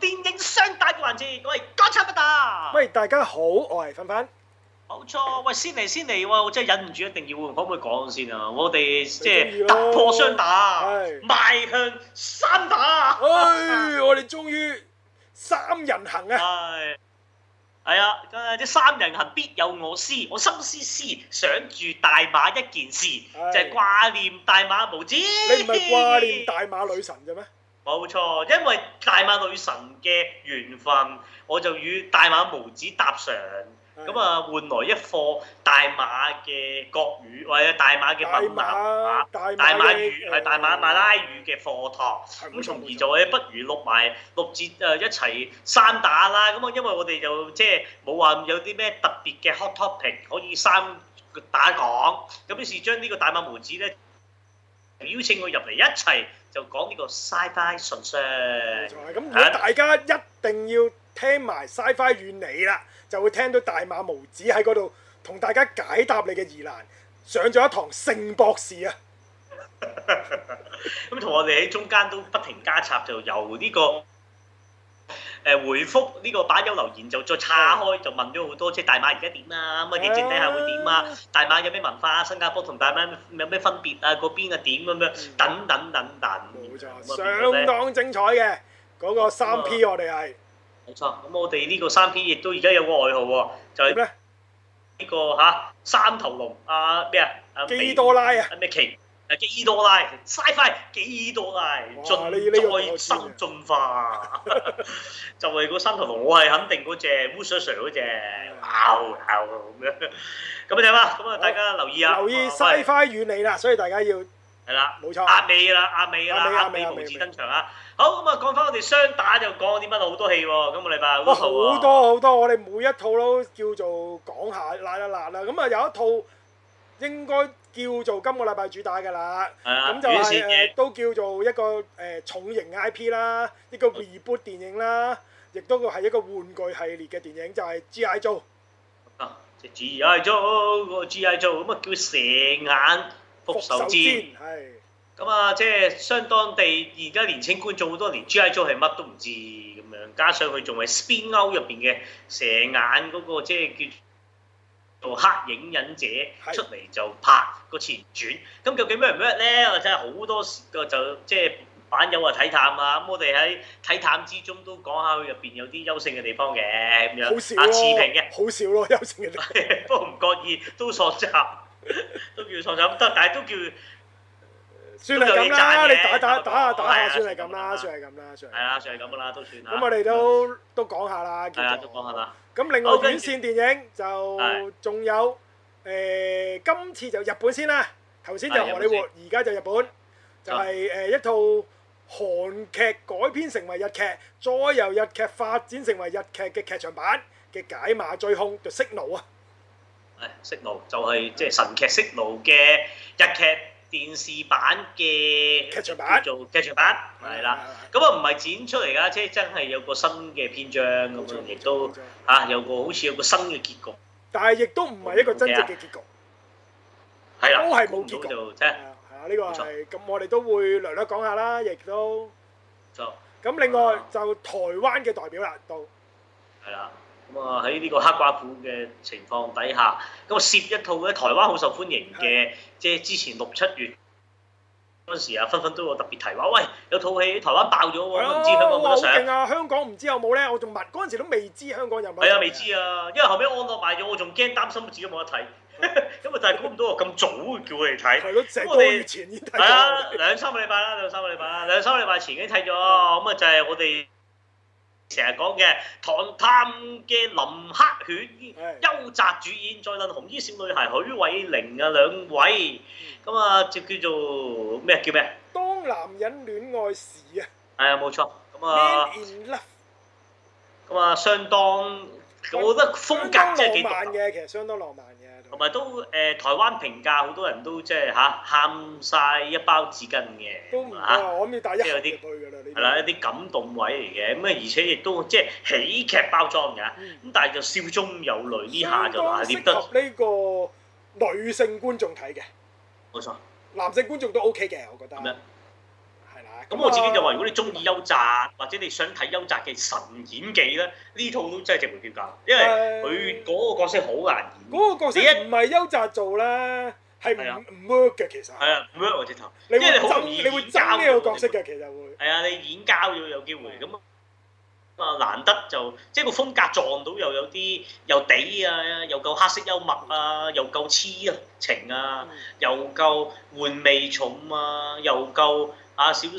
電影雙打嘅環節，喂，港產不打。喂，大家好，我係分分。冇錯，喂，先嚟先嚟喎，我真係忍唔住一定要，可唔可以講先、就是、啊？我哋即係突破雙打，邁向三打。唉、哎，我哋終於三人行啊！係，係啊，即三人行必有我師，我心思思想住大馬一件事，的就係、是、掛念大馬無知。你唔係掛念大馬女神嘅咩？冇錯，因為大馬女神嘅緣分，我就與大馬毛子搭上，咁啊換來一課大馬嘅國語或者大馬嘅文納大，大，大馬語係、嗯、大馬馬拉語嘅課堂，咁從而就係不如錄埋六節誒一齊三打啦，咁啊因為我哋就即係冇話有啲咩特別嘅 hot topic 可以三打講，咁於是將呢個大馬毛子咧邀請佢入嚟一齊。就講呢個 SciFi 純粹，咁如果大家一定要聽埋 SciFi 遠離啦，就會聽到大馬毛子喺嗰度同大家解答你嘅疑難，上咗一堂聖博士啊！咁同我哋喺中間都不停加插，就由呢、呢個。誒回覆呢個版友留言就再岔開，就問咗好多，即係大馬而家點啊？咁啊，幾時睇下會點啊？大馬有咩文化啊？新加坡同大馬有咩分別啊？嗰邊啊點咁樣等等等等，冇錯，相當精彩嘅嗰個三 P 我哋係冇錯。咁我哋呢個三 P 亦都而家有個外號喎，就係呢呢個嚇三頭龍啊咩啊？基多拉啊咩奇？誒幾多拉？曬快幾多拉？進再新進化， 就係個三頭龍我係肯定嗰隻 Mushroom 嗰隻，牛牛咁樣。咁啊睇下，咁啊大家留意啊，留意曬快遠離啦，所以大家要係啦，冇錯，壓尾啦，壓尾啦，壓尾、啊、壓尾，壓尾，壓尾，壓尾無恥登場啊！好咁啊，講翻我哋雙打就講啲乜好多戲喎，今個禮拜好多好多，好多，好多我哋每一套都叫做講下，嗱啦嗱啦。咁啊有一套。應該叫做今個禮拜主打㗎啦，咁就係誒都叫做一個誒重型嘅 IP 啦，一個 reboot 電影啦，亦都係一個玩具系列嘅電影，就係 G.I. Joe。啊，即係 G.I. Joe 個 G.I. Joe 咁啊，叫蛇眼復仇戰。係。咁啊，即係相當地，而家年輕觀眾好多連 G.I. Joe 係乜都唔知咁樣，加上佢仲係 Spin Out 入邊嘅蛇眼嗰個即係叫。做黑影忍者出嚟，就拍個前傳，咁究竟咩唔咩咧？我真係好多時個就即係版友話睇探啊，咁我哋喺睇探之中都講下佢入面有啲優勝嘅地方嘅咁樣，啊持平嘅，好少咯優勝嘅地方， 不過唔覺意都喪集都叫喪集唔得，但係都叫。算係咁啦，你打打打下打下，算係咁啦，算係咁啦。算，係啦，算係咁噶啦，都算啦。咁我哋都都講下啦。係啦，都講下啦。咁另外院線電影就仲有誒，今次就日本先啦。頭先就《荷里活》，而家就日本，就係誒一套韓劇改編成為日劇，再由日劇發展成為日劇嘅劇場版嘅解碼追兇就《Signal》啊。係《Signal》就係即係神劇《Signal》嘅日劇。電視版嘅劇場版，叫做劇場版，係啦。咁啊，唔係剪出嚟噶，即係真係有個新嘅篇章咁啊，亦都嚇有個好似有個新嘅結局。但係亦都唔係一個真正嘅結局。係啦，都係冇結局。咁就即係係啊，呢個係咁，我哋都會略略講下啦，亦都。就咁，另外就台灣嘅代表啦，到。係啦。咁啊喺呢個黑寡婦嘅情況底下，咁啊攝一套喺台灣好受歡迎嘅，的即係之前六七月嗰陣時啊，分分都有特別提話，喂，有套戲台灣爆咗喎，唔知香港有冇得上？好勁啊！香港唔知有冇咧，我仲密嗰陣時都未知香港有冇。係啊，未知啊，因為後尾安樂埋咗，我仲驚擔心自己冇得睇，因為 但係估唔到咁早、啊、叫佢哋睇。係咯，成個月前已經睇咗。係啊，兩三個禮拜啦，兩三個禮拜啦，兩三個禮拜前已經睇咗，咁啊就係我哋。成日講嘅《唐探》嘅林黑犬，邱澤主演，再論紅衣小女孩許瑋甯啊，兩位咁啊，就叫做咩？叫咩？當男人戀愛時啊，係啊，冇錯咁啊，咁啊，相當我覺得風格真係幾獨嘅，其實相當浪漫。同埋都誒，台灣評價好多人都即係嚇，喊、啊、晒一包紙巾嘅，嚇，即、啊、係、啊、有啲，係啦，有啲感動位嚟嘅，咁啊，而且亦都即係喜劇包裝嘅，咁、啊、但係就笑中有淚，呢、嗯、下就係適合呢個女性觀眾睇嘅，冇錯，男性觀眾都 OK 嘅，我覺得。咁我自己就話：如果你中意邱澤，或者你想睇邱澤嘅神演技咧，呢套都真係值回票價。因為佢嗰個角色好難演，嗰、呃嗰個角色唔係邱澤做啦，係唔唔 work 嘅其實。係啊，work 我直頭。因為你好，容易，你會爭呢、呢個角色嘅其實會。係啊，你演交要有機會咁啊、嗯，難得就即係個風格撞到又有啲又地啊，又夠黑色幽默啊，又夠黐啊情啊，嗯、又夠換味重啊，又夠～啊少少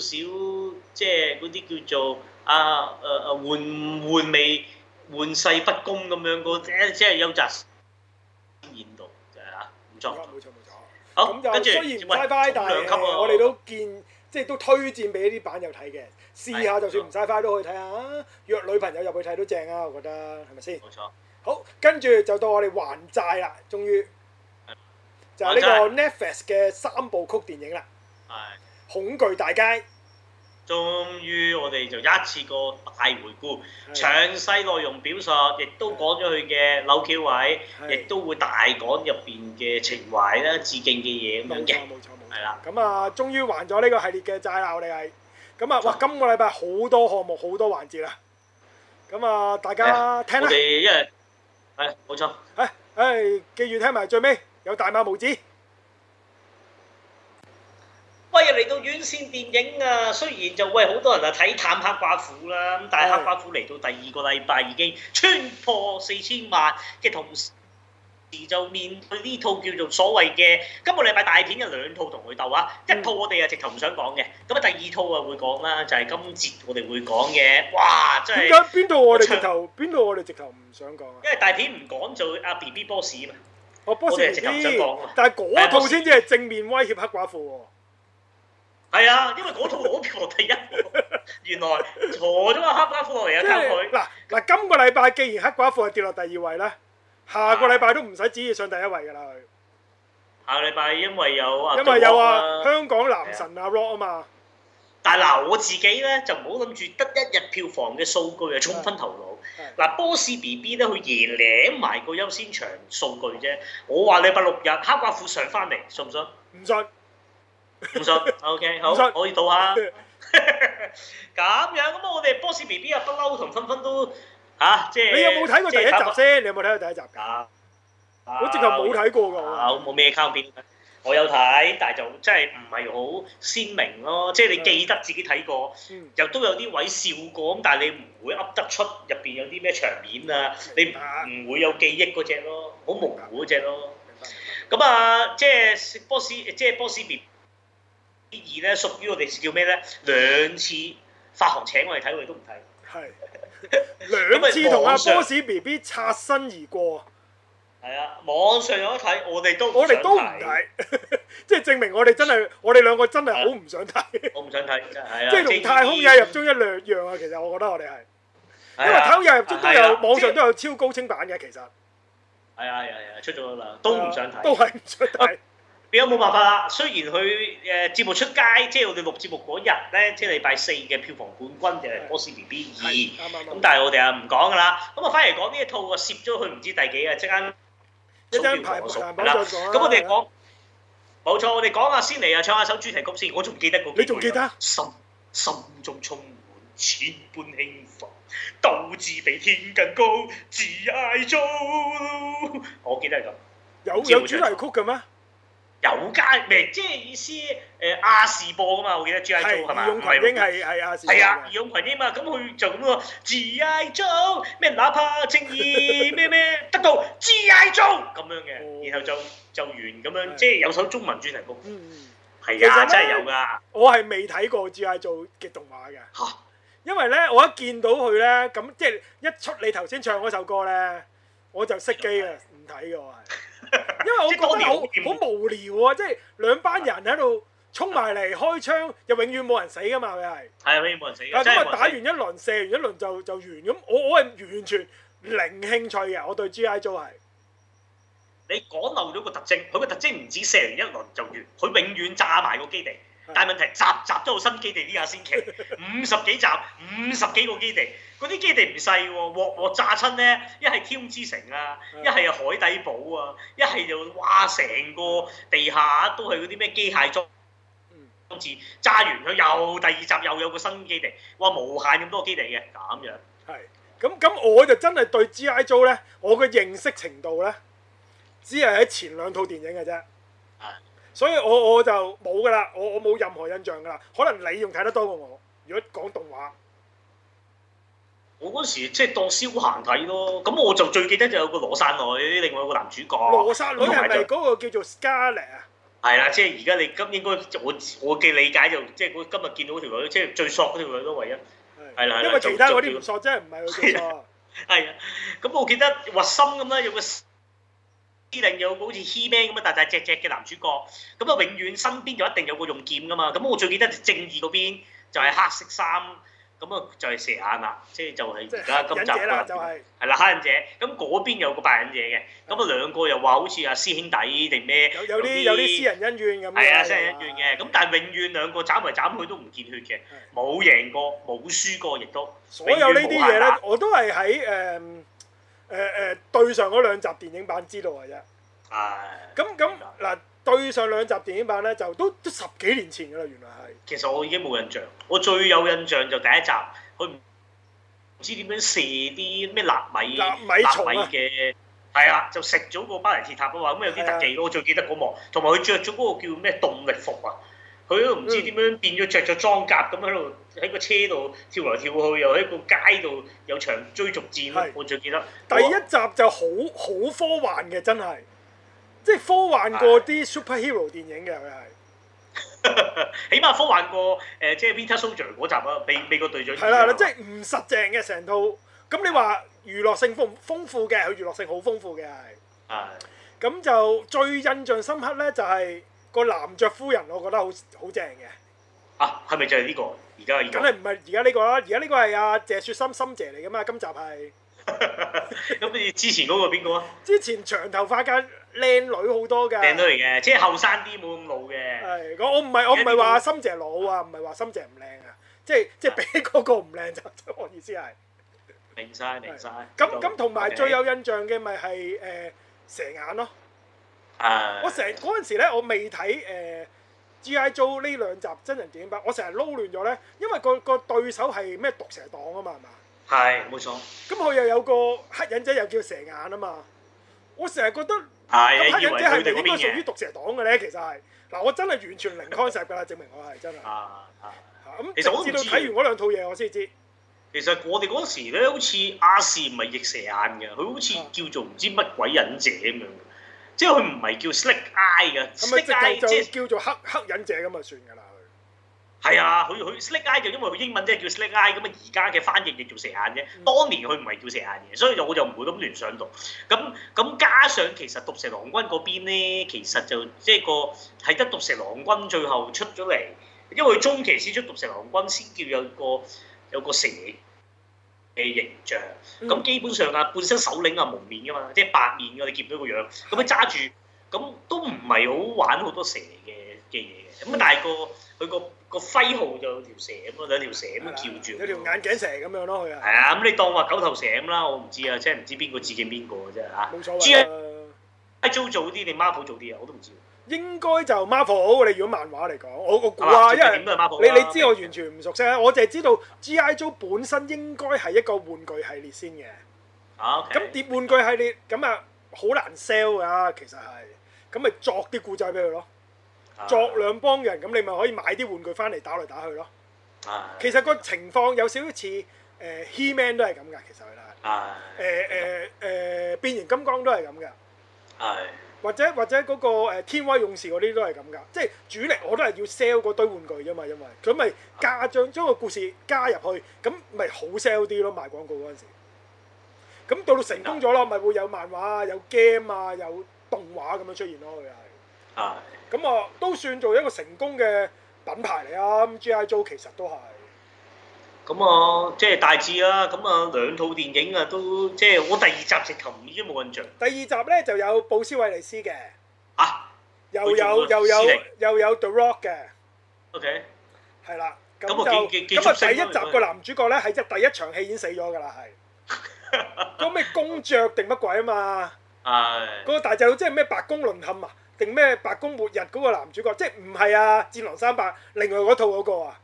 即係嗰啲叫做啊誒誒緩緩味玩世不恭咁樣個即係有雜現到、嗯、就係、嗯、啊，冇錯，冇錯冇錯。咁就，住雖然唔 sci-fi 但係我哋都見即係都推薦俾啲版友睇嘅，試下就算唔晒 sci-fi 都可以睇下。約女朋友入去睇都正啊，我覺得係咪先？冇錯。好，跟住就到我哋還債啦，終於就係、是、呢個 Netflix 嘅三部曲電影啦。係、嗯。恐懼大街，終於我哋就一次過大回顧，詳細內容表述，亦都講咗佢嘅扭橋位、啊，亦都會大講入邊嘅情懷啦、致敬嘅嘢咁樣嘅，冇錯冇錯，係啦。咁啊，終於、啊、還咗呢個系列嘅債鬧你哋，咁、嗯、啊，哇！今個禮拜好多項目，好多環節啦。咁啊，大家聽啦、哎，我哋一係係冇錯，係、哎、係、哎哎、記住聽埋最尾有大馬毛子。嚟到院線電影啊，雖然就喂好多人啊睇《探黑寡婦》啦，咁但係《黑寡婦》嚟到第二個禮拜已經穿破四千萬，嘅同時就面對呢套叫做所謂嘅今個禮拜大片嘅兩套同佢鬥啊。一套我哋啊直頭唔想講嘅，咁啊第二套啊會講啦，就係、是、今節我哋會講嘅。哇！真係！而家邊套我哋直頭邊度我哋直頭唔想講啊？因為大片唔講就阿 B B Boss 啊嘛、哦，Boss 係直頭唔想講。但係嗰套先至係正面威脅黑寡婦喎。係啊，因為嗰套攞票房第一， 原來錯咗個黑寡婦落嚟啊！佢嗱嗱，今個禮拜既然黑寡婦係跌落第二位啦，下個禮拜都唔使旨意上第一位㗎啦佢。下個禮拜因為有啊，因為有啊，啊香港男神阿 Rock 啊，啊，啊、Rock、嘛。但係嗱，我自己咧就唔好諗住得一日票房嘅數據啊，衝昏頭腦。嗱，波士 B B 咧，佢夜攬埋個優先場數據啫。我話禮拜六日黑寡婦上翻嚟，信唔信？唔信。唔信，OK 好，可以到下。咁 樣咁我哋波斯 B B 啊，不嬲同分分都嚇，即係你有冇睇過第一集先、啊？你有冇睇過第一集？啊，我直頭冇睇過㗎。冇咩 comment。我有睇，但係就真係唔係好鮮明咯。即、就、係、是、你記得自己睇過，又、嗯、都有啲位笑過咁，但係你唔會噏得出入邊有啲咩場面啊、嗯？你唔會有記憶嗰隻咯，好模糊嗰隻咯。明咁啊，即係、就是、波斯，即、就、係、是、波斯 B。B 二咧屬於我哋叫咩咧？兩次發行請我哋睇，我哋都唔睇。係 兩次同阿波士 B B 擦身而過。係啊，網上有得睇，我哋都我哋都唔睇， 即係證明我哋真係我哋兩個真係好唔想睇。我唔想睇，係啊！即係同太空也入樽一樣啊，其實我覺得我哋係，因為太空也入樽都有網上都有超高清版嘅，其實係啊係啊係啊，出咗啦，都唔想睇，都係唔想睇。你有冇辦法啦？雖然佢誒、呃、節目出街，即係我哋錄節目嗰日咧，即係禮拜四嘅票房冠軍就係《波士 BB 二》，咁但係我哋啊唔講㗎啦。咁啊，翻嚟講呢一套啊？蝕咗佢唔知第幾啊！即刻沖票房數啦。咁我哋講，冇錯，我哋講下先嚟啊，唱下首主題曲先。我仲記得個，你仲記得？心心中充滿千般興奮，鬥志比天更高，志在高。我記得係咁，有有主題曲嘅咩？有加咩？即係意思誒亞視播噶嘛？我記得 G I Joe 係嘛？亞視係係亞視。係啊，義勇群英啊嘛？咁佢就咁個 G I Joe 咩？哪怕正義咩咩得到 G I Joe 咁樣嘅，然後就就完咁樣。即係有首中文主題曲。嗯，係㗎，真係有㗎。我係未睇過 G I Joe 嘅動畫嘅。嚇！因為咧，我一見到佢咧，咁即係一出你頭先唱嗰首歌咧，我就熄機啊，唔睇㗎，我係。 因為我覺得好好無聊啊，即係兩班人喺度衝埋嚟開槍，又永遠冇人死噶嘛，又係係永遠冇人死嘅，真係打完一輪，射完一輪就就完咁。我我係完全零興趣嘅，我對 G.I. Joe 係。你講漏咗個特徵，佢個特徵唔止射完一輪就完，佢永遠炸埋個基地。但係問題集集都有新基地呢嘢先奇，五十幾集五十幾個基地，嗰啲基地唔細喎，鑊鑊炸親咧，一係天之城啊，一 係海底堡啊，一係就哇成個地下都係嗰啲咩機械裝，字、嗯、炸完佢又第二集又有個新基地，哇無限咁多基地嘅咁樣。係，咁咁我就真係對 G.I. Joe 咧，我嘅認識程度咧，只係喺前兩套電影嘅啫。係、啊。所以我我就冇噶啦，我我冇任何印象噶啦。可能你仲睇得多過我。如果講動畫，我嗰時即係當消閒睇咯。咁我就最記得就有個羅珊女，另外個男主角。羅珊女係咪嗰個叫做 Scarlett 啊？係啦，即係而家你今應該我我嘅理解就即係我今日見到條女，即係最索嗰條女都唯一係啦。因為其他嗰啲唔索，真係唔係好索。係啊，咁我記得畫心咁啦，有個。啲司令有個好似希曼咁樣大大隻隻嘅男主角，咁啊永遠身邊就一定有個用劍噶嘛。咁我最記得正義嗰邊就係黑色衫，咁啊就係蛇眼啊，即係就係而家今集嘅，係啦黑忍者。咁嗰邊有個白忍者嘅，咁啊兩個又話好似啊師兄弟定咩？有有啲有啲私人恩怨咁。係啊，私人恩怨嘅，咁但係永遠兩個斬嚟斬去都唔見血嘅，冇贏過冇輸過亦都。所有呢啲嘢咧，我都係喺誒。誒、呃、誒、呃，對上嗰兩集電影版知道嘅啫。啊、哎！咁咁嗱，對上兩集電影版咧，就都，都十幾年前嘅啦，原來係。其實我已經冇印象，我最有印象就第一集，佢唔知點樣射啲咩納米納米蟲嘅、啊，係啊，就食咗個巴黎鐵塔啊嘛，咁有啲特技咯，我最記得嗰幕，同埋佢着咗嗰個叫咩動力服啊。佢都唔知點樣變咗着咗裝甲咁喺度喺個車度跳嚟跳去，又喺個街度有場追逐戰，我最記得。第一集就好好科幻嘅，真係即係科幻過啲 superhero 電影嘅，佢係。起碼科幻過誒、呃，即係《Winter Soldier》嗰集啊，美美國隊長。係啦，即係唔實淨嘅成套。咁你話娛樂性豐豐富嘅，佢娛樂性好豐富嘅係。係。咁就最印象深刻咧，就係、係。那個男爵夫人，我覺得好好正嘅。啊，係咪就係呢個？而家而家。梗係唔係而家呢個啦？而家呢個係阿謝雪心心姐嚟噶嘛？今集係。咁你之前嗰個邊 個啊？之前長頭髮嘅靚女好多㗎。靚女嚟嘅，即係後生啲，冇咁老嘅。係。我唔係我唔係話心姐老啊，唔係話心姐唔靚啊，即係即係比嗰個唔靚就，我意思係。明晒，明晒。咁咁同埋最有印象嘅咪係誒蛇眼咯。Uh, 我成嗰陣時咧、呃，我未睇誒 G.I. Joe 呢兩集真人電影版，我成日撈亂咗咧，因為、嗰個、嗰個對手係咩毒蛇黨啊嘛，係、uh, 冇、uh, 錯。咁佢又有個黑忍者又叫蛇眼啊嘛，我成日覺得係、uh, 黑忍者係、uh, 應該屬於毒蛇黨嘅咧，其實係嗱，我真係完全零 concept 噶啦， 證明我係真係啊啊咁，uh, uh, 嗯、其實直到睇完嗰兩套嘢，我先知。其實我哋嗰時咧，好似亞視唔係譯蛇眼嘅，佢好似叫做唔知乜鬼忍者咁樣。即係佢唔係叫 Snake Eye 嘅，Snake Eye 即係叫做黑黑忍者咁就算㗎啦。佢係啊，佢佢 Snake Eye 就因為佢英文即係叫 Snake Eye 咁啊。而家嘅翻譯亦做蛇眼啫。當年佢唔係叫蛇眼嘅，所以我就唔會咁聯想到咁咁。加上其實毒蛇郎君嗰邊咧，其實就即係個係得毒蛇郎君最後出咗嚟，因為佢中期先出毒蛇郎君先叫有個有個蛇嘅形象，咁基本上啊，本身首領啊蒙面噶嘛，即係白面噶，你見到個樣，咁啊揸住，咁都唔係好玩好多蛇嘅嘅嘢嘅，咁、嗯、啊但係、個佢個個徽號就有條蛇咁咯，有條蛇咁樣翹住，有條眼鏡蛇咁樣咯、啊，佢啊，係啊，咁你當話九頭蛇咁啦，我唔知啊，即係唔知邊個致敬邊個嘅啫嚇。冇錯啦。阿 Jo 做啲定 Marvel 做啲啊，我都唔知。應該就 Marvel，你如果漫畫嚟講，我估啊，因為你你，你知我完全唔熟悉咧，我淨係知道 G.I. Joe 本身應該係一個玩具系列先嘅、啊。咁、okay，跌玩具系列，咁啊好難 sell 㗎，其實係，咁咪作啲故仔俾佢咯、啊，作兩幫人，咁你咪可以買啲玩具翻嚟打嚟打去咯。啊、其實個情況有少少似誒、呃、He-Man 都係咁㗎，其實係，誒誒誒變形金剛都係咁㗎。係、啊。啊或者或者嗰個誒天威勇士嗰啲都係咁噶，即係主力我都係要 sell 嗰堆玩具啫嘛，因為佢咪加將將個故事加入去，咁咪好 sell 啲咯，賣廣告嗰陣時。咁到到成功咗咯，咪會有漫畫、有 game 啊、有動畫咁樣出現咯，佢係。係。咁啊，都算做一個成功嘅品牌嚟啊！G.I. Joe 其實都係。咁啊，即係大致啦、啊。咁啊，兩套電影啊，都即係我第二集直頭已經冇印象。第二集咧就有布斯威利斯嘅，嚇、啊，又有又有又有 The Rock 嘅。OK，係啦。咁就咁啊，我我第一集個男主角咧係即係第一場戲已經死咗㗎啦，係。嗰 咩公爵定乜鬼啊嘛？嗰 個大隻佬即係咩白宮淪陷啊？定咩白宮末日嗰個男主角？ 即係唔係啊？戰狼三百，另外嗰套嗰個啊？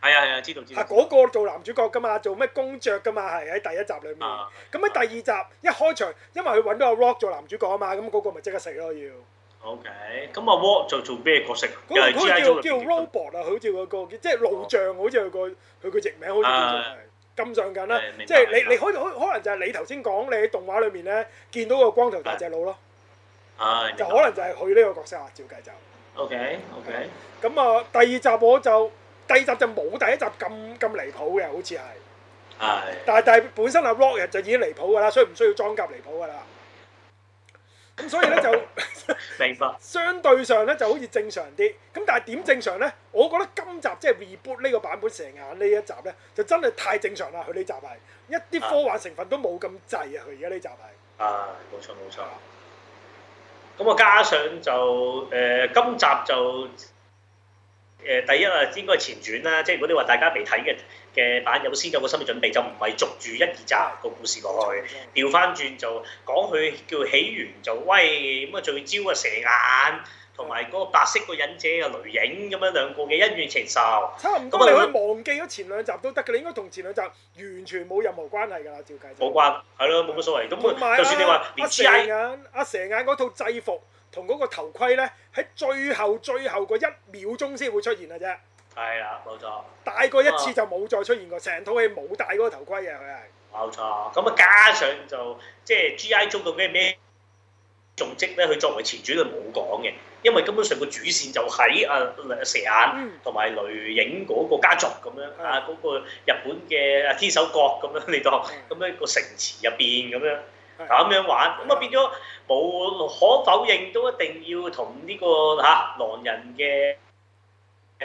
係啊係啊，知道知道。係嗰個做男主角噶嘛，做咩公爵噶嘛，係喺第一集裏面。咁喺第二集一開場，因為佢揾到阿 Rock 做男主角啊嘛，咁嗰個咪即刻食咯要。OK，咁阿 Rock 就做咩角色啊？又係好似叫叫 Robo 啊，好似個個，即係路障，好似佢佢佢譯名，好似叫做咁上下啦。即係你你可可可能就係你頭先講你喺動畫裏面咧見到個光頭大隻佬咯。就可能就係佢呢個角色啊，照計就。OK OK。咁啊，第二集我就。第二集就冇第一集咁咁離譜嘅，好似係。係、哎。但係但係本身阿、啊、Rock 就已經離譜㗎啦，所以唔需要裝甲離譜㗎啦。咁所以咧就明白。 相對上咧就好似正常啲。咁但係點正常咧？我覺得今集即係、就是、reboot 呢個版本蛇眼呢一集咧，就真係太正常啦。佢呢集係一啲科幻成分都冇咁滯啊。佢而家呢集係、哎。啊，冇錯冇錯。咁啊，加上就誒、呃，今集就。誒、呃、第一啊，應該係前傳啦，即係如果你話大家未睇嘅嘅版，有先有個心理準備，就唔係續住一二集個故事落去，調翻轉就講佢叫起源就威，咁啊仲要招啊蛇眼，同埋嗰個白色個忍者啊、嗯、雷影咁樣兩個嘅恩怨情仇。差唔多。咁你可以忘記咗前兩集都得嘅，你應該同前兩集完全冇任何關係㗎啦，照計。冇關係。係咯，冇乜所謂。咁、嗯啊、就算你話阿、啊啊、蛇眼阿、啊、蛇眼嗰套制服。同嗰個頭盔咧，喺最後最後個一秒鐘先會出現啦啫。係啦，冇錯。戴過一次就冇再出現過，成套戲冇戴嗰個頭盔嘅佢係。冇錯，咁啊加上就即係、就是、G.I. 中的什麼組到咩咩仲積咧，佢作為前傳，佢冇講嘅，因為根本上個主線就喺啊蛇眼同埋雷影嗰個家族咁樣、嗯、啊嗰、那個日本嘅啊天守閣咁樣嚟當，咁、嗯、樣、啊那個城池入邊咁樣。咁樣玩，咁啊變咗冇可否認，都一定要同呢個嚇狼人嘅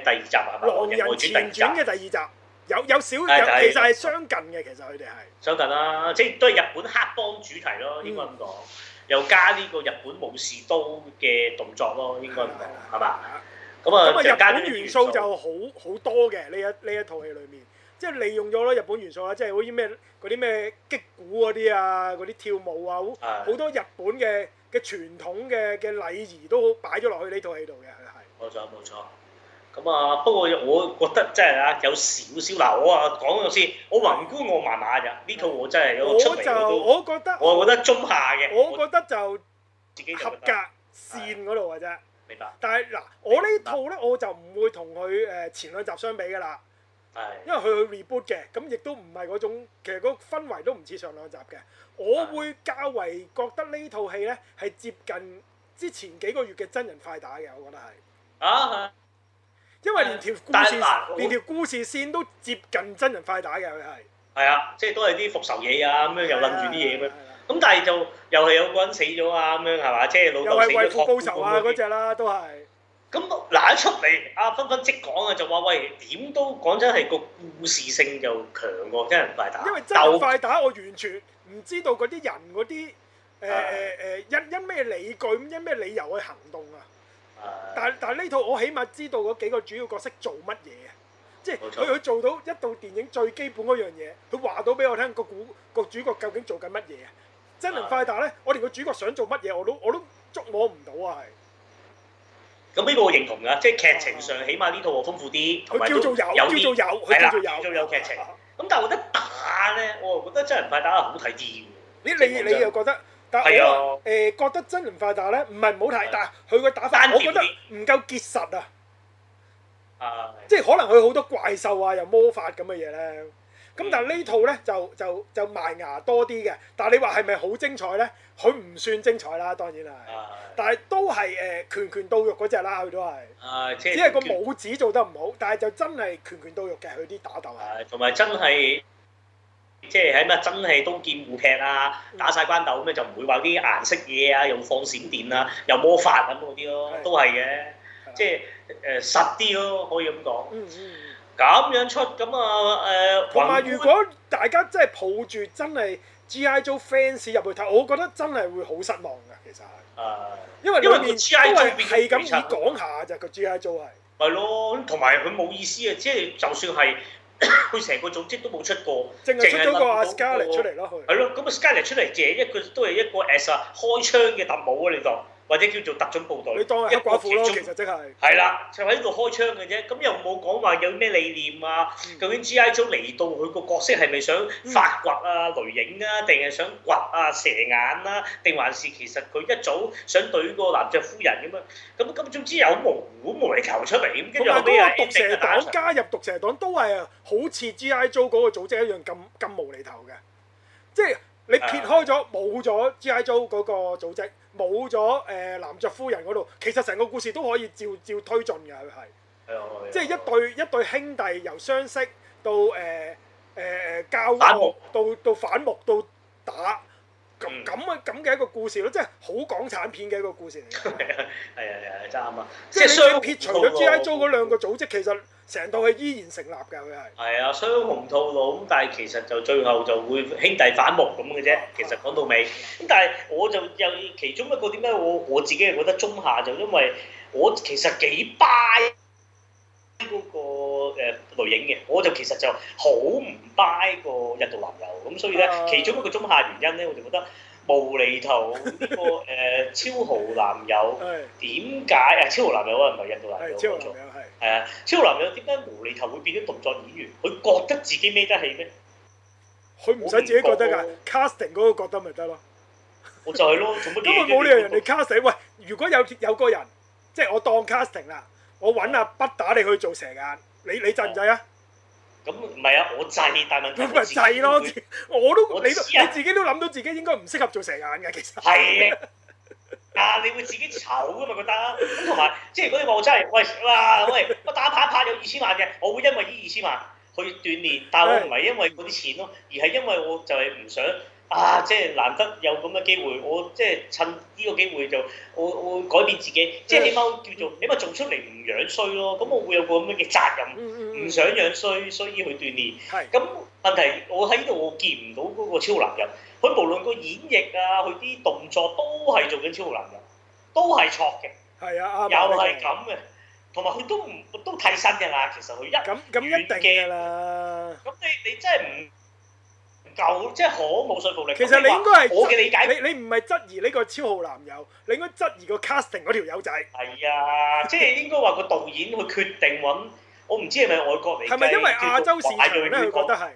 第二集係嘛？狼人前集嘅第二集，有有少少其實係相近嘅，其實佢哋係相近啦，即係都係日本黑幫主題咯，應該咁講，又加呢個日本武士刀嘅動作咯，應該咁講係嘛？咁啊，咁啊，日本元素就好好多嘅呢一呢一套戲裡面。即係利用咗咯日本元素啦，即係好似咩嗰啲咩擊鼓嗰啲啊，嗰啲跳舞啊，好多日本嘅嘅傳統嘅嘅禮儀都擺咗落去呢套戲度嘅，係冇錯冇錯。咁啊，不過我覺得真係啊，有少少嗱，我啊講咗先，我宏觀我麻麻咋呢套我真係有個出名我都，我覺得我覺得中下嘅，我覺得就合格線嗰度嘅啫。明白。但係嗱，我呢套咧我就唔會同佢誒前兩集相比㗎啦。因為佢去 reboot 嘅，咁亦都唔係嗰種，其實個氛圍都唔似上兩集嘅。我會較為覺得呢套戲咧係接近之前幾個月嘅真人快打嘅，我覺得係。啊？因為連條故事，連條故事線都接近真人快打嘅，佢係。係啊，即係都係啲復仇嘢啊，咁樣又諗住啲嘢咁。咁、啊啊啊、但係就又係有個人死咗啊，咁樣係嘛？即係老豆死咗報仇啊嗰隻啦，那個、都係。咁嗱，一出嚟阿芬芬即講啊，就話喂，點都講真係個故事性又強過《真人快打》。因為真快打我完全唔知道嗰啲人嗰啲誒誒誒因因咩理據、因咩理由去行動啊。但但呢套我起碼知道嗰幾個主要角色做乜嘢啊，即係佢佢做到一套電影最基本嗰樣嘢，佢話到俾我聽個故個主角究竟做緊乜嘢啊？《真人快打》咧，我連個主角想做乜嘢我都我都捉摸唔到啊，係。咁呢個我認同㗎，即係劇情上起碼呢套我豐富啲，佢叫做有啲係啦，叫做有，叫做有，叫做有劇情。咁但係我覺得打咧，我又覺得真人快打好睇啲喎。你、就係、你又覺得？但係啊。誒、呃，覺得真人快打咧，唔係唔好睇、啊，但係佢嘅打法，我覺得唔夠結實啊。啊。即係、啊啊就係、可能佢好多怪獸啊，又魔法咁嘅嘢咧。咁但係呢套咧就就就賣牙多啲嘅，但係你話係咪好精彩咧？佢唔算精彩啦，當然係、啊。但係都係誒、呃、拳拳到肉嗰隻啦，佢都係。誒、啊就係，只係個武指做得唔好，啊、但係就真係拳拳到肉嘅，佢啲打鬥係。同、啊、埋真係、嗯，即係喺咩真係刀劍互劈啊，嗯、打晒關鬥咁咧，就唔會話啲顏色嘢啊，又放閃電啊，又魔法咁嗰啲咯，嗯、都係嘅、嗯嗯，即係誒、呃、實啲咯，可以咁講。嗯嗯咁樣出咁啊！誒，同、呃、埋如果大家真係抱住真係 G I Joe fans 入去睇，我覺得真係會好失望嘅，其實。誒。因為因為佢 G I Joe 係咁講下啫，個 G I Joe 係。係咯，同埋佢冇意思啊，即、就、係、是、就算係佢成個組織都冇出過，即係出咗個 Scarlett 出嚟咯。係咯，咁個 Scarlett 出嚟借，一個都係一個 S 啊是個開的，開槍嘅，特務啊，你當。或者叫做特種部隊，你當一寡婦咯，其實即係係啦，就喺度開槍嘅啫。咁又冇講話有咩理念啊？究竟 G I 組嚟到佢個角色係咪想發掘啊、雷影啊，定係想掘啊蛇眼啊，定還是其實佢一早想對個男爵夫人咁樣啊？咁咁總之有無辜無厘頭出嚟咁，同埋嗰個毒蛇黨加入毒蛇黨都係啊，好似 G I 組嗰個組織一樣咁咁無厘頭嘅。即係你撇開咗冇咗 G I 組嗰個組織。冇咗、呃、男爵夫人嗰度，其實成個故事都可以照照推進嘅，佢係即係一對一對兄弟由相識到誒誒誒交惡到反到，到反目到打。咁啊咁嘅一個故事咯，即係好港產片嘅一個故事嚟。係啊係啊係啊，真啱啊！即係、就是、你撇除咗 G I Joe 嗰兩個組織，其實成套係依然成立㗎，佢係。係啊，雙雄套路咁，但係其實就最後就會兄弟反目咁嘅啫。其實講到尾咁，但係我就有其中一個點解我我自己係覺得中下，就因為我其實幾拜。嗰、那個誒類型嘅，我就其實就好唔 buy 個印度男友，咁所以咧，啊啊其中一個中下原因咧，我就覺得無厘頭呢、這個誒超豪男友點解啊？超豪男友可能唔係印度男友，冇錯，係啊，超豪男友點、啊、解無厘頭會變咗動作演員？佢覺得自己孭得起咩？佢唔使自己覺得㗎，casting 嗰個覺得咪得咯。我就係咯、啊，根本冇理由人哋 casting。喂，如果有有個人，即係我當 casting 啦。我揾阿畢打你去做蛇眼，你你制唔制啊？咁唔係啊，我制，但問題係自己我都我、啊、你都你自己都諗到自己應該唔適合做蛇眼嘅其實。係啊， 你會自己醜噶嘛覺得？咁同埋即係如果你話我真係喂哇喂，我打牌拍咗二千萬嘅，我會因為呢二千萬去鍛鍊，但係我唔係因為嗰啲錢咯，而係因為我就係唔想。啊！即係難得有咁嘅機會，我即係趁呢個機會就我我改變自己，即係起碼叫做起碼做出嚟唔樣衰咯？咁、嗯、我會有個咁嘅責任，唔、嗯嗯、想樣衰，所以去鍛鍊。咁問題我喺呢度見唔到嗰個超男人，佢無論個演繹啊，佢啲動作都係做緊超男人，都係錯嘅。係啊，又係咁嘅，同埋佢都唔都替身嘅啦。其實佢一遠嘅啦。咁你你真係唔？就即係好冇信服力。其實你應該係我嘅理解，你你唔係質疑呢個超豪男友，你應該質疑個 casting 嗰條友仔。係、哎、啊， 即係應該話個導演去決定揾，我唔知係咪外國嚟。係咪因為亞洲市場咧？佢覺得係。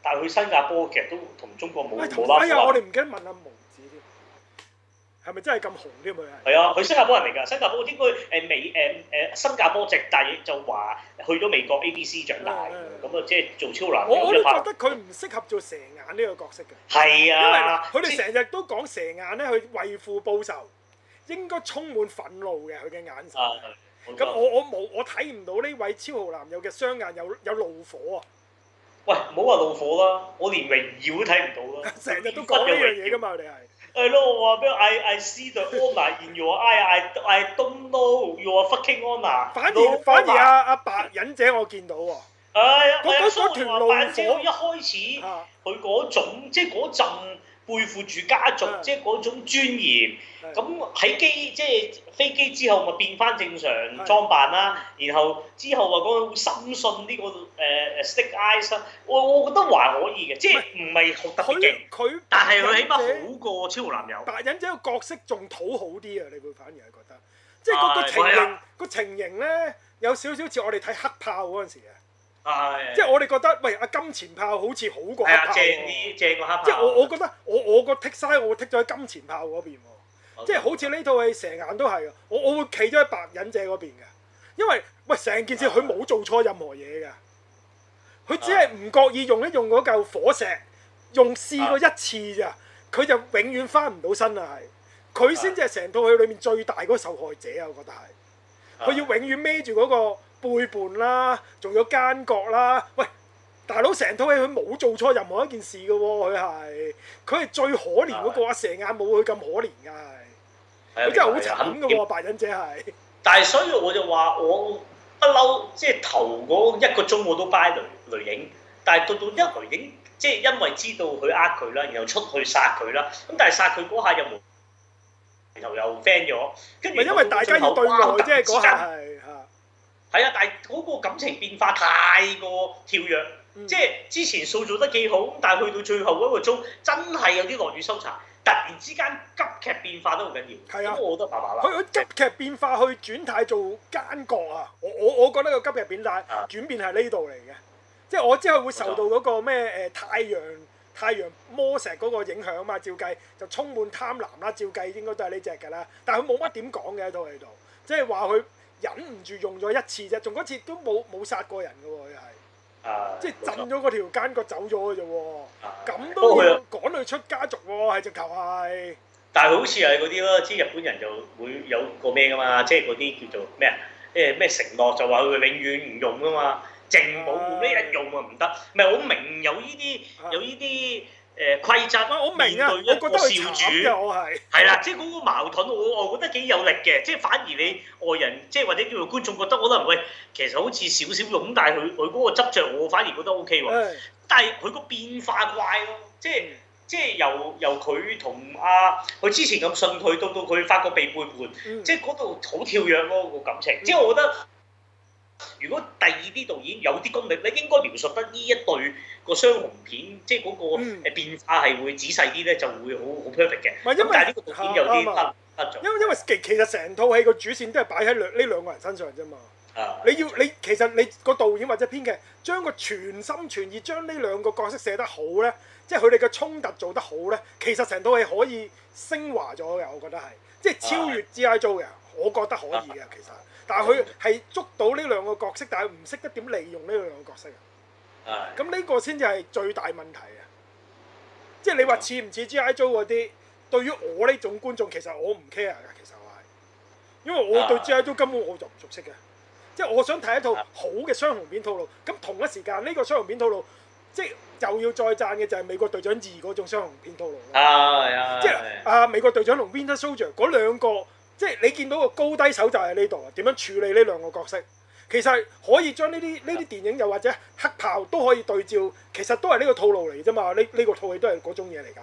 但係去新加坡其實都同中國冇。哎啊、哎，我哋唔記得問阿毛。係咪真係咁紅啲佢啊？係啊，佢新加坡人嚟㗎。新加坡應該誒、呃、美誒誒、呃、新加坡籍帝就話去咗美國 ABC 長大，咁啊即係做超男嘅。我都覺得佢唔適合做蛇眼呢個角色嘅。係啊，因為佢哋成日都講蛇眼咧去為父報仇，應該充滿憤怒嘅佢嘅眼神。啊，啊我我冇我睇唔到呢位超豪男友嘅雙眼有有怒火啊！喂，唔好話怒火啦，我連榮耀都睇唔到啦。成、嗯、日都講呢樣嘢㗎嘛，佢哋係。係咯，我話邊個 I I I see the honor in your eye，然後又話 I I I don't know，又話 fucking honor。 反而、no？反而阿阿白忍者我見到喎。誒、啊、呀、啊啊，我有、啊啊啊、蘇雲話白忍者一開始佢嗰、啊、種即係嗰陣。背負住家族，即係嗰種尊嚴。咁喺機，即係飛機之後，咪變翻正常裝扮啦。然後之後話嗰種深信呢個誒誒 Snake Eyes，我我覺得還可以嘅，即係唔係學特技。佢但係佢起碼好過超男友。白忍者個角色仲討好啲啊！你會反而係覺得，即係個個情形、個情形咧，有少少似我哋睇黑豹嗰陣時啊。即係我哋覺得，喂，阿金錢豹好似好過黑豹。借，借即係我，我覺得我我個剔晒，我會剔咗喺金錢豹嗰邊喎。即係好似呢套戲成眼都係啊。我我會企咗喺白忍者嗰邊嘅。因為喂成件事佢冇做錯任何嘢噶，佢只係唔覺意用一用嗰嚿火石，用試過一次咋，佢就永遠翻唔到身啊。係。佢先至係成套戲裏面最大嗰受害者啊，我覺得係。佢要永遠孭住嗰個背叛啦，仲有奸角啦，喂，大佬成套戲佢冇做錯任何一件事嘅喎、哦，佢係佢係最可憐嗰、那個啊，成眼冇佢咁可憐嘅，佢真係好慘嘅喎，白忍者係。但係所以我就話，我不嬲，即係頭嗰一個鐘我都 buy 雷雷影，但係到到一雷影，即係因為知道佢呃佢啦，然後出去殺佢啦，咁但係殺佢嗰下又，冇，然後又 friend 咗，唔係、那個、因為大家要對望，即係嗰下係係啊，但係嗰個感情變化太過跳躍，嗯、即係之前塑造得幾好，但係去到最後嗰個鐘真係有啲落雨收柴。突然之間急劇變化都好緊要。係啊，我都麻麻啦。佢急劇變化去轉態做奸角啊！我我我覺得嗰個急劇變態，轉變係呢度嚟嘅，即係我之後會受到嗰個咩誒太陽太陽魔石嗰個影響啊嘛！照計就充滿貪婪啦，照計應該都係呢隻㗎啦。但係佢冇乜點講嘅喺度，喺度，即係話佢。忍唔住用咗一次啫，仲嗰次都冇冇殺過人嘅喎、哦，又係、啊，即係進咗個條奸角走咗嘅啫喎，咁都要趕佢出家族喎、啊，係直頭係。但係佢好似係嗰啲咯，知日本人就會有個咩噶嘛，即係嗰啲叫做咩啊，即咩承諾就話佢永遠唔用噶嘛，淨冇咩人用咪唔得，咪好明有呢啲有呢啲。誒、呃、規則啊，我明白啊個少主，我覺得佢慘、啊、我係係啦，即係嗰個矛盾，我我覺得幾有力嘅，即、就、係、是、反而你外人，即、就、係、是、或者叫做觀眾覺得，我覺得喂，其實好似少少勇，但係佢佢嗰個執著，我反而覺得 O、OK、K、嗯、但係佢個變化怪咯、啊，即係即係由由佢同阿佢之前咁信佢，到到佢發覺被背叛，即係嗰度好跳躍咯、啊嗰個感情。即、嗯、係我覺得。如果第二啲導演有啲功力，你應該描述得呢一對個雙紅片，即係嗰個誒變化係會仔細啲咧，就會好好 perfect 嘅。唔係因為下啊嘛，因為、啊、因為其其實成套戲個主線都係擺喺兩呢兩個人身上啫嘛。啊！你要你其實你個導演或者編劇將個全心全意將呢兩個角色寫得好咧，即係佢哋嘅衝突做得好咧，其實成套戲可以升華咗嘅，我覺得係即係超越 G.I. Joe 嘅、啊，我覺得可以嘅其實。但係佢係捉到呢兩個角色，但係唔識得點利用呢兩個角色。係。咁呢個先至係最大問題啊！即係你話似唔似 G.I. Joe 嗰啲？對於我呢種觀眾，其實我唔 care 嘅，其實係，因為我對 G.I. Joe 根本我就唔熟悉嘅。即係我想睇一套好嘅雙雄片套路。咁同一時間呢個雙雄片套路，即係又要再贊嘅就係美國隊長二嗰種雙雄片套路啊，係啊。即係啊，美國隊長同 Winter Soldier 嗰兩個。即係你見到個高低手就喺呢度啊！點樣處理呢兩個角色？其實可以將呢啲呢啲電影又或者黑豹都可以對照，其實都係呢個套路嚟啫嘛！呢呢個套戲都係嗰種嘢嚟㗎，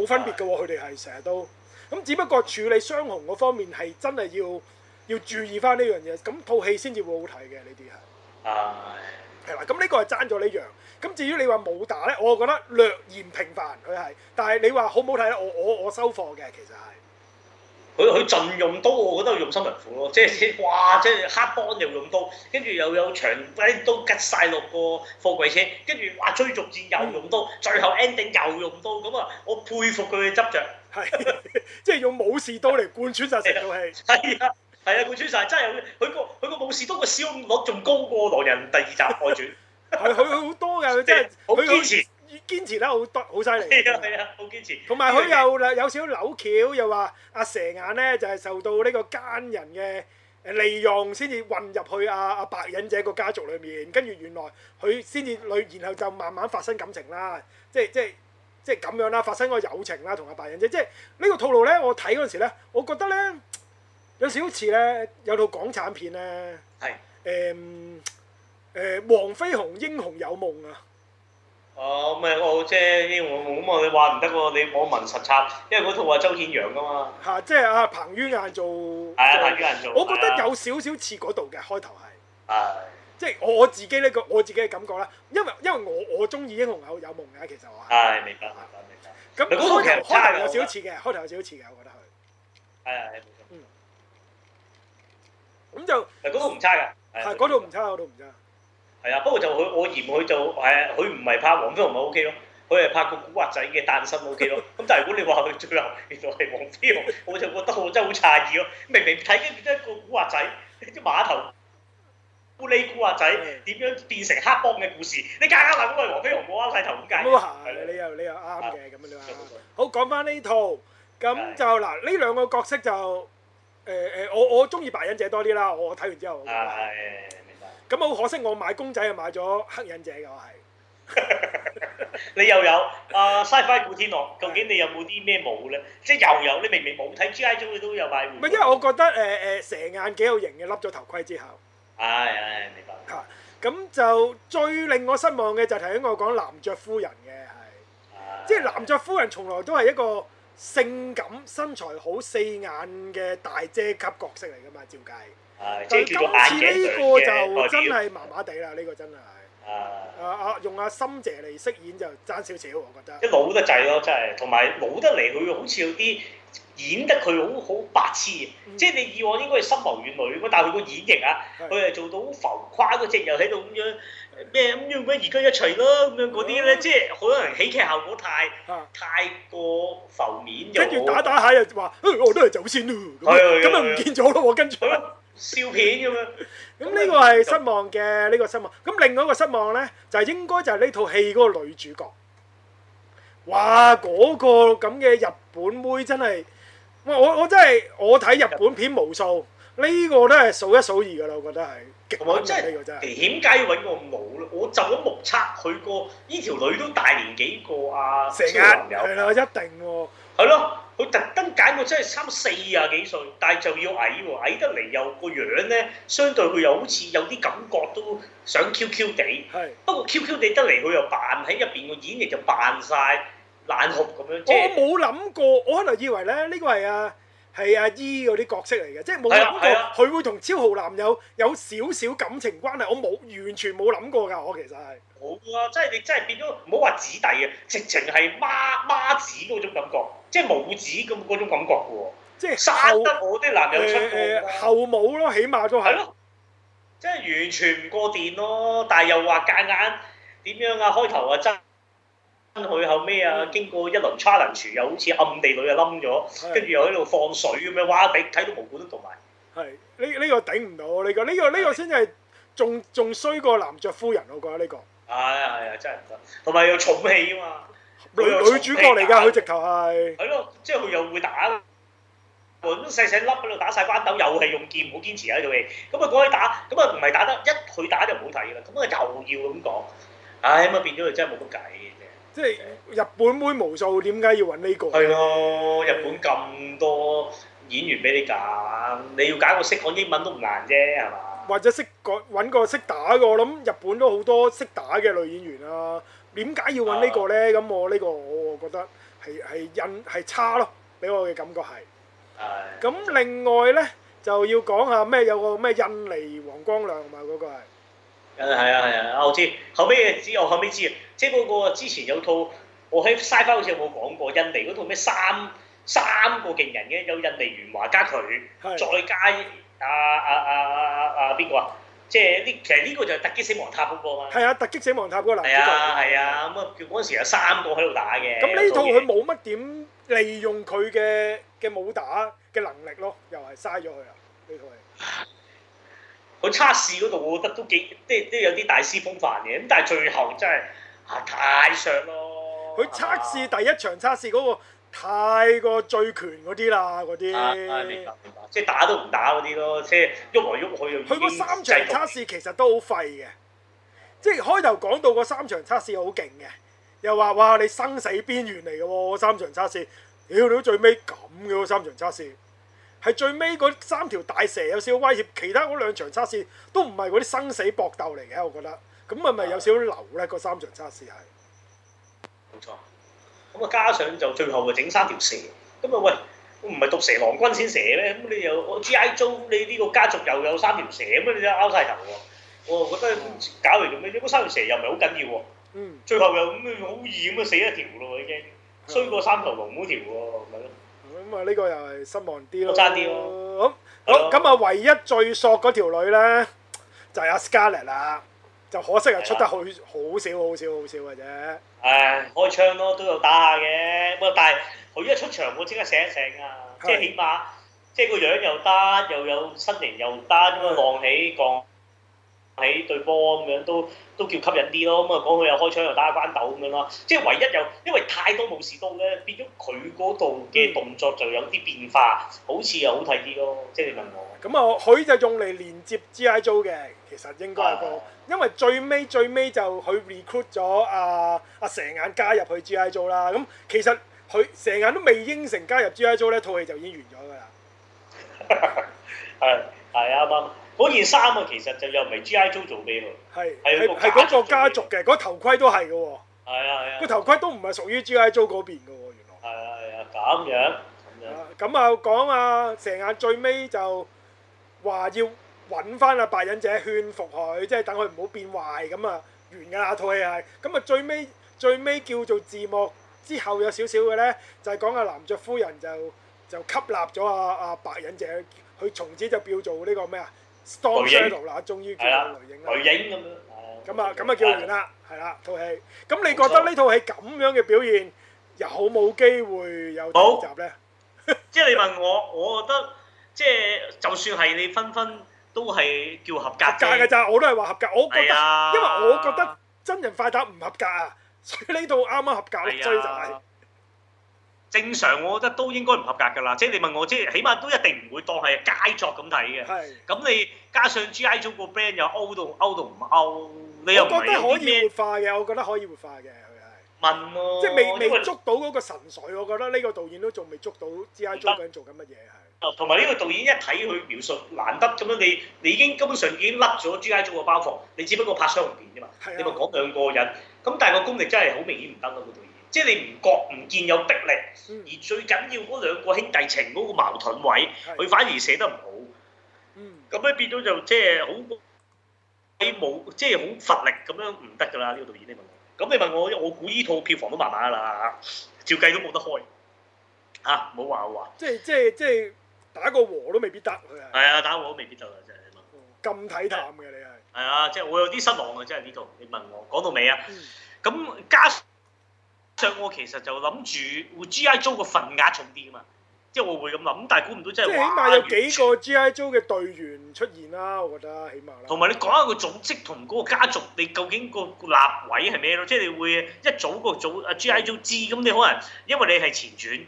冇分別嘅喎。佢哋係成日都咁，只不過處理雙雄嗰方面係真係要要注意翻呢樣嘢，咁套戲先至會好睇嘅呢啲係。係啦，咁呢個係爭咗呢樣。咁至於你話武打咧，我覺得略嫌平凡佢係，但係你話好唔好睇咧？我我我收貨嘅其實。佢佢盡用刀，我覺得佢用心良苦咯。即係哇，即係黑幫又用刀，跟住又有長柄刀吉晒落個貨櫃車，跟住話追逐戰又用刀，最後 ending 又用刀，咁啊，我佩服佢嘅執着，係 即係用武士刀嚟貫穿晒成套戲。係 啊，係啊，啊，貫穿晒。真係佢個佢個武士刀個使用率仲高過《狼人》第二集外傳。係佢好多嘅，佢真係好堅持。堅持咧，好多好犀利嘅，啊好 堅持。同埋佢又有少少扭橋，又話阿蛇眼呢就係、係、受到呢個奸人嘅利用，先至混入去阿、啊、阿、啊、白忍者個家族裏面。跟住原來佢先至，然後就慢慢發生感情啦，即係即係即係咁樣啦，發生個友情啦，同阿白忍者。即係呢、呢個套路呢，我睇嗰陣時咧，我覺得呢，有少少似呢，有套港產片呢，係誒誒《黃、呃呃、飛鴻英雄有夢》啊。哦、呃，咪我即係我，咁我你話唔得喎，你，你我文實測，因為嗰套話周顯揚㗎嘛。嚇、啊！即係啊彭于晏做。係啊，彭于晏做。我覺得有少少似嗰度嘅開頭係、哎。即係我自己呢個，我自己嘅感覺啦，因為因為我我中意英雄有有夢嘅其實我。係明白，明白，明白。咁嗰套其實開頭有少少似嘅，開頭有少少似嘅，我覺得佢。係係係。嗯。咁就。嗱嗰套唔差㗎，係嗰套唔差，嗰套唔差。係啊，不過就佢，我嫌佢就係佢唔係拍《黃、啊飛，OK OK、 飛鴻》咪 OK 咯，佢係拍個古惑仔嘅誕生 OK 咯。咁但係如果你話佢最後原來係黃飛鴻，我就覺得我真係好詫異咯。明明睇緊嘅一個古惑仔，啲碼頭，咕喱古惑仔點樣變成黑幫嘅故事？ 你夾硬話咁係黃飛鴻冇啱晒頭唔計。咁 啊係，你又你又啱嘅咁啊你話。 好講返呢套，咁就嗱呢 兩個角色就誒誒、呃，我我中意白忍者多啲啦。我睇完之後。係。 咁好可惜，我買公仔啊買咗黑忍者嘅我係 你又有啊《西 飛、uh, 古天樂》，究竟你有冇啲咩冇咧？ 即係又有，你明明冇睇 G I Joe 嘅都有買。唔係，因為我覺得誒誒蛇眼幾有型嘅，笠咗頭盔之後。係，係明白。嚇！咁就最令我失望嘅就係喺我講男爵夫人嘅係， 即係男爵夫人從來都係一個性感身材好四眼嘅大姐級角色嚟㗎嘛，照計。但、啊、今次呢個就真係麻麻地啦，呢、呢個真係啊啊，啊用阿森姐嚟飾演就爭少少，我覺得。即老得滯咯，真係，同埋老得嚟，佢好似有啲演得佢好好白痴、嗯，即係你以往應該深謀遠慮，但係佢個演繹啊，佢係做到浮誇嗰隻，又喺度咁樣咩咁樣咩而家一齊咯咁樣嗰啲咧，即係好多人喜劇效果太、啊、太過浮面，跟住打打下又話我都係走先啦，咁又唔見咗咯，我跟住。 笑片咁樣！咁呢個係失望嘅，呢個失望。咁另外一個失望咧，就係應該就係呢套戲嗰個女主角。哇！嗰個咁嘅日本妹真係，哇！我我真係我睇日本片無數，呢個都係數一數二噶啦，我覺得係。同埋真係，點解要揾個母咧？我就咁目測，佢個呢條女都大年幾個啊？成日係咯，一定喎。係咯。佢特登揀我真係三四廿幾歲，但係就要矮喎，矮得嚟又個樣咧，相對佢又好似有啲感覺都想 Q Q 地，不過 Q Q 地得嚟佢又扮喺入邊個演繹就扮晒冷酷咁樣。我冇諗過，我可能以為咧呢、呢個係阿係阿姨嗰啲角色嚟嘅，即係冇諗過佢、啊啊、會同超豪男友有少少感情關係。我冇完全冇諗過㗎，我其實係。冇啊！即係你真係變咗，唔好話子弟啊，直情係媽媽子嗰種感覺，即係母子咁嗰種感覺嘅喎。即係生得我啲男人出過的、啊。後母咯，起碼都係。係咯。即係完全唔過電咯，但係又話夾硬點樣啊？開頭啊，爭佢後尾啊，經過一輪 challenge，又好似暗地裏又冧咗，跟住又喺度放水咁樣，哇！睇睇到毛管都戙埋。係呢呢個頂唔到呢個呢、呢個呢、呢個先真係仲仲衰過男爵夫人，我覺得呢、呢個。係啊係啊，真係唔得，同埋又重戲啊嘛，女女主角嚟㗎，佢直頭係係咯，即係佢又會打，本、哦、細細粒喺度打晒關鬥，又係用劍，好堅持喺度嘅。咁啊講起打，咁啊唔係打得一佢打就唔好睇啦，咁啊又要咁講，唉、哎、嘛變咗佢真係冇乜計嘅。即係日本妹無數，點解要揾呢個？係咯，日本咁多演員俾你揀，你要揀個識講英文都唔難啫，係嘛？或者識。個揾個識打個，我諗日本都好多識打嘅女演員啊。點解要揾呢個咧？咁我呢個我覺得係係印係差咯，俾我嘅感覺係。係。咁另外咧就要講下咩？有個咩印尼黃光亮啊嘛，嗰個係。誒係啊係啊，我知。後尾知我後尾知，即係嗰個之前有套，我喺曬翻好似有冇講過印尼嗰套咩三三個勁人嘅，有印尼元華加佢，再加阿阿阿阿阿邊個啊？即係呢，其實呢個就係突擊死亡塔嗰個嘛。係啊，突擊死亡塔嗰個男主角係啊，係啊，咁啊，叫嗰陣時有三個喺度打嘅。咁呢套佢冇乜點利用佢嘅嘅武打嘅能力咯，又係嘥咗佢啊呢套。佢測試嗰度，我覺得都幾即係都，都有啲大師風範嘅，咁但係最後真係啊太衰咯。佢測試第一場測試嗰個。啊太過醉拳嗰啲啦，嗰啲。即係打都唔打嗰啲咯，即係喐來喐去。佢個三場測試其實都好廢嘅，即係開頭講到個三場測試好勁嘅，又話哇你生死邊緣嚟嘅喎，三場測試、哎。屌，到最尾咁嘅喎三場測試，係最尾嗰三條大蛇有少少威脅，其他嗰兩場測試都唔係嗰啲生死搏鬥嚟嘅，我覺得。咁係咪有少少流呢？嗰三場測試係。冇錯。咁啊，加上就最後就整三條蛇，咁啊喂，唔係毒蛇郎君先蛇咩？咁你又我 G.I. Joe，你呢個家族又有三條蛇，咁啊你真拗晒頭喎！我覺得搞嚟做咩？點解三條蛇又唔係好緊要喎？嗯，最後又咁好易咁啊死一條咯已經，衰、嗯、過三頭龍嗰條喎，咪、嗯、咯。咁啊呢個又係失望啲咯。我差啲咯。好，好咁啊，唯一最索嗰條女咧，就係、是、阿 Scarlett 啦。就可惜可啊，出得好好少好少好少嘅啫。誒，開槍咯，都有打下嘅。不過，但係佢一出場，我即刻醒一醒啊！是即係起碼，即係個樣又得，又有身形又得，咁樣浪起降。喺對波咁樣都都叫吸引啲咯，咁啊講佢又開槍又打關斗咁樣咯，即係唯一有因為太多武士刀咧，變咗佢嗰度嘅動作就有啲變化，好似又好睇啲咯，即係你問我。咁、嗯、啊，佢就用嚟連接 G.I. Joe 嘅，其實應該係個，因為最尾最尾就佢 recruit 咗阿阿蛇眼加入去 G.I. Joe 啦，咁、嗯、其實佢蛇眼都未應承加入 G.I. Joe 咧，套戲就已經完咗㗎啦。係係啱啱。嗯嗰件衫啊，其實就又唔係 G.I. 組做嘅喎，係係係嗰個家族嘅，嗰頭盔都係嘅喎。啊係啊，做那個頭盔都唔係、啊啊、屬於 G.I. 組嗰邊嘅喎，原來係啊係啊，咁樣咁樣啊。咁啊，講啊，蛇眼最尾就話要揾翻阿白忍者勸服佢，即係等佢唔好變壞咁啊，完㗎啦套戲係咁啊。最尾最尾叫做字幕之後有少少嘅咧，就係講阿男爵夫人就就吸納咗阿阿白忍者，佢從此就叫做呢個咩啊？Storm Shadow 啦，終於叫《雷影》啦，《雷影》咁樣，咁啊，咁啊叫完啦，係啦，套戲。咁你覺得呢套戲咁樣嘅表現，有冇機會有續集咧？即係你問我，我覺得即係就算係你分分都係叫合格，合格㗎咋，我都係話合格。我覺得，因為我覺得真人快打唔合格啊，所以呢套啱啱合格追就係。正常，我覺得都應該唔合格㗎啦。即係你問我，即係起碼都一定唔會當係佳作咁睇嘅。係。咁你加上 G.I. Joe 個 brand 又 out 到 out 到唔 out，你又唔覺得可以活化嘅，我覺得可以活化嘅佢係。問咯。即係未未捉到嗰個神髓，我覺得呢個導演都仲未捉到 G.I. Joe 咁做緊乜嘢係？哦，同埋呢個導演一睇佢描述，難得咁樣你你已經根本上已經甩咗 G.I. Joe 個包袱，你只不過拍商業片啫嘛。你咪講兩個人，咁但係個功力真係好明顯唔得咯，個導演。即係你唔覺唔見有逼力、嗯，而最緊要嗰兩個兄弟情嗰個矛盾位，佢反而寫得唔好。咁、嗯、咧變咗就即係好虛無，即係好乏力咁樣唔得㗎啦。呢、這個導演，你問我，咁你問我，我估依套票房都麻麻㗎啦，照計都冇得開。嚇、啊，冇話我話。即係即係即係打個和都未必得，係啊。打和都未必得，即係你咁睇、哦、淡嘅你係。係啊，即係、就是、我有啲失望啊！即係呢套，你問我講到尾啊，咁、嗯、家。上我其實就諗住 G.I. Joe 個份額重啲嘛，即係我會咁諗，但係估唔到真即係話。起碼有幾個 G.I. Joe 嘅隊員出現啦，我覺得起碼。同埋你講下個組織同嗰個家族，你究竟個立位係咩咯？即、嗯、係、就是、你會一組個組啊 G.I. Joe 知咁，你可能因為你係前傳，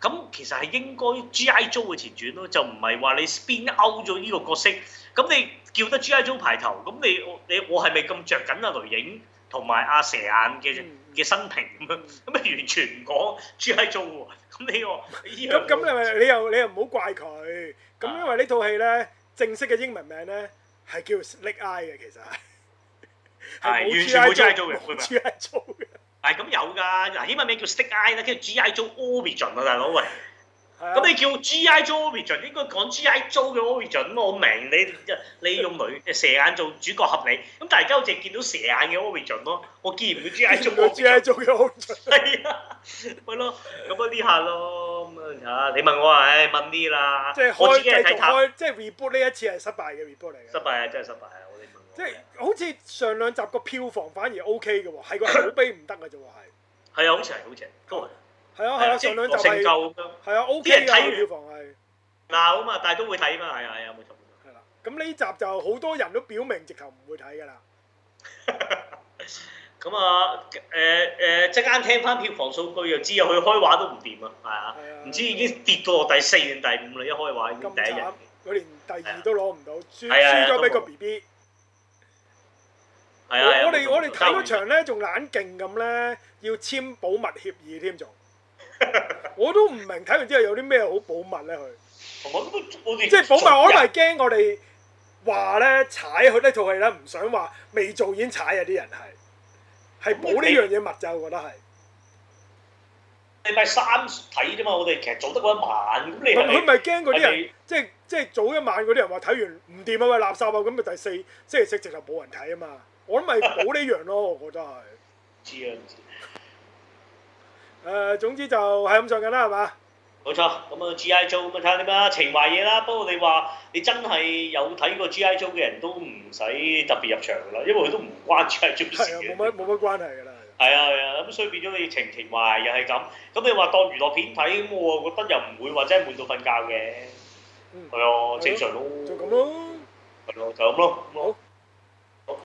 咁其實係應該 G.I. Joe 嘅前傳咯，就唔係話你 spin out 咗呢個角色。咁你叫得 G.I. Joe 排頭，咁你，你我你我係咪咁着緊啊雷影？同埋阿蛇眼嘅嘅生平咁樣，咁咪完全唔講 G I Joe 喎。咁你咁咁你咪你又你又唔好怪佢。咁因為呢套戲咧，正式嘅英文名咧係叫 Snake Eyes 嘅，其實係、啊、完全冇 G I Joe 嘅，冇 G I Joe 嘅。係 咁有㗎嗱，英文名叫 Snake Eyes 啦，跟住 G I Joe Origin 啊，大佬喂。咁、嗯嗯嗯嗯、你叫 G. G I Joe origin，應該講 G I Joe 嘅 origin 咯，我明你就你用女蛇眼做主角合理，咁而家好似見到蛇眼嘅 origin 咯，我見唔到 G I Joe。兩 G I Joe 嘅 origin。係啊，咪、嗯 嗯、咯，咁啊呢下咯，咁啊嚇你問我啊，唉、哎、問啲啦。即係開繼續開，即係 reboot 呢一次係失敗嘅 reboot 嚟嘅。失敗啊，真係失敗啊！我哋問我。即、就、係、是、好似上兩集個票房反而 O K 嘅喎，係個口碑唔得嘅啫喎，係。 啊，啊好似係，好似。係啊係啊，上兩集就係係啊 OK 嘅。啲人睇完票房係鬧啊嘛，但係都會睇啊嘛，係啊係啊，冇錯。係啦，咁呢集就好多人都表明直頭唔會睇㗎啦。咁啊誒誒，即間聽翻票房數據又知啊，佢開畫都唔掂啊，係啊，唔知已經跌到第四定第五啦，一開畫已經第一日。咁慘，佢連第二都攞唔到，輸輸咗俾個 BB。係啊！我我哋我哋睇嗰場咧，仲冷勁咁咧，要簽保密協議添仲。 我都唔明睇完之後有啲咩好保密咧，佢即係保密，我都係驚我哋話咧踩佢呢套戲咧，唔想話未做已經踩啊！啲人係係保呢樣嘢密就，我覺得係你咪三睇啫嘛，我哋其實做得嗰一晚咁你佢咪驚嗰啲人即係即係早一晚嗰啲人話睇完唔掂啊，喂，垃圾啊咁，咪第四星期四直就冇人睇啊嘛，我諗咪保呢樣咯。 我覺得係誒、呃，總之就係咁上緊啦，係嘛？冇錯，咁啊 G.I. Joe 咁啊睇下點樣啦，情懷嘢啦。不過你話你真係有睇過 G.I. Joe 嘅人，都唔使特別入場噶啦，因為佢都唔關 G.I. Joe 事嘅。冇乜冇乜關係噶啦。係啊係啊，咁、啊啊啊、所以變咗你情唔情懷又係咁。咁你話當娛樂片睇咁，我覺得又唔會話真係悶到瞓覺嘅。係、嗯、啊，正常咯，就咁咯，係咯，就咁咯。好。